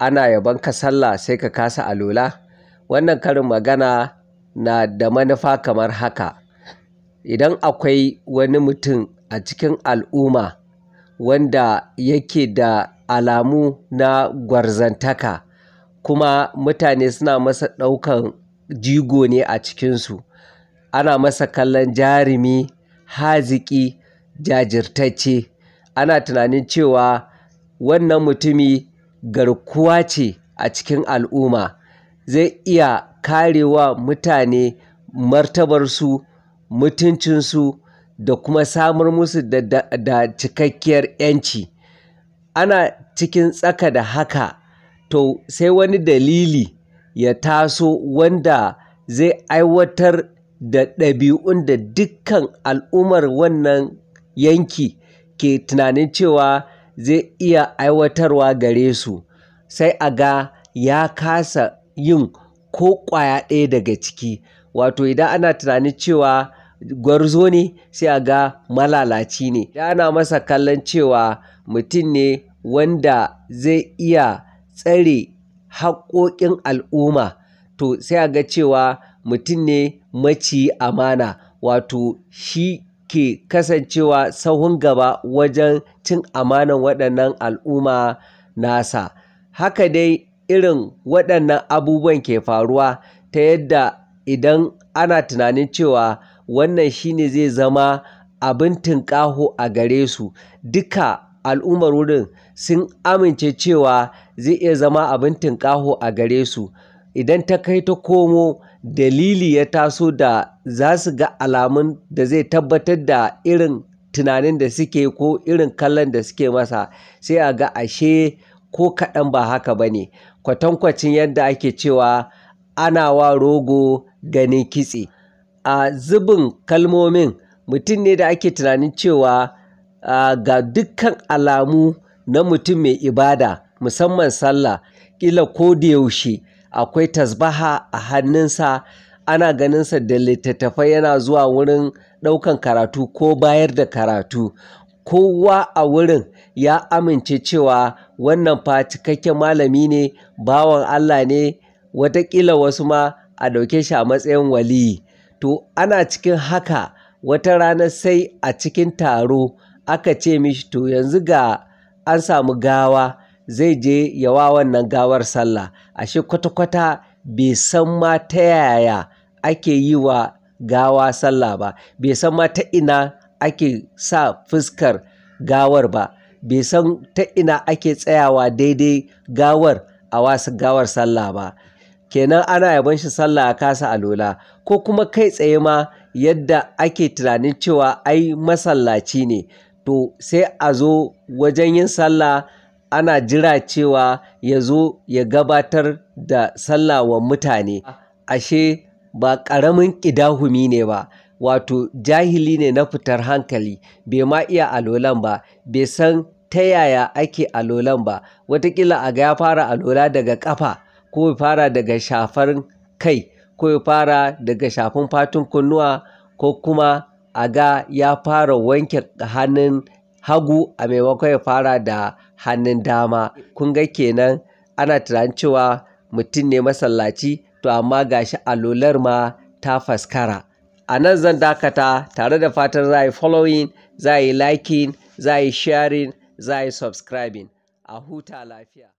ana yabon ka sallah sai ka kasa alola wannan karin magana na da manufa kamar haka idan akwai wani mutum a cikin al'umma wanda yake da alamu na gwarzantaka kuma mutane suna masa ɗaukan jigo ne a cikinsu ana masa kallon jarumi haziki jajirtacce ana tunanin cewa wannan mutumi garkuwa ce a cikin al'umma. Zai iya kare wa mutane martabarsu, mutuncinsu da kuma samar musu da, da, da cikakkiyar 'yanci. Ana cikin tsaka da haka to sai wani dalili ya taso wanda zai aiwatar da ɗabi'un da dukkan al'ummar wannan yanki ke tunanin cewa zai iya aiwatarwa gare su sai a ga ya kasa yin ko ƙwaya ɗaya daga ciki wato idan ana tunanin cewa gwarzo ne sai a ga malalaci ne idan ana masa kallon cewa mutum ne wanda zai iya tsare haƙoƙin al'umma to sai a ga cewa mutum ne maci amana wato shi ke kasancewa sahun gaba wajen cin amanan waɗannan al'umma nasa. Haka dai irin waɗannan abubuwan ke faruwa ta yadda idan ana tunanin cewa wannan shine zai zama abin tunƙaho a gare su duka al'ummar wurin sun amince cewa zai iya zama abin tunƙaho a gare su. idan ta kai ta komo dalili ya taso da za su ga alamun da zai tabbatar da irin tunanin da suke ko irin kallon da suke masa sai a ga ashe ko kaɗan ba haka ba ne kwatankwacin yadda ake cewa ana wa rogo ganin kitse a zubin kalmomin mutum ne da ake tunanin cewa ga dukkan alamu na mutum mai ibada musamman sallah kila ko da yaushe akwai tasbaha a hannunsa ana ganinsa da littattafai yana zuwa wurin ɗaukan karatu ko bayar da karatu kowa a wurin ya amince cewa wannan fa cikakken malami ne bawan Allah ne watakila wasu ma a ɗauke shi a matsayin waliyi to ana cikin haka wata rana sai a cikin taro aka ce mishi to yanzu ga an samu gawa zai je yawa wannan gawar sallah ashe kwata-kwata bai san ma ta yaya ake yi wa gawa sallah ba bai san ma ta ina ake sa fuskar gawar ba bai san ta ina ake tsayawa daidai gawar a wasu gawar sallah ba kenan ana yaban shi sallah a kasa alola ko kuma kai tsaye ma yadda ake tunanin cewa ai masallaci ne to sai a zo wajen yin sallah ana jira cewa ya zo ya gabatar da sallah wa mutane ashe ba ƙaramin ƙidahumi ne ba wato jahili ne na fitar hankali bai ma iya alolan ba bai san ta yaya ake alolan ba watakila a ga ya fara alola daga ƙafa ko ya fara daga shafar kai ko ya fara daga shafin fatun kunnuwa ko kuma a ga ya fara wanke hannun hagu a maimakon ya fara da hannun dama kun ga kenan ana tunanin cewa mutum ne masallaci to amma ga shi alolar ma ta faskara a nan zan dakata tare da fatan za yi following za yi liking za yi sharing za yi subscribing a huta lafiya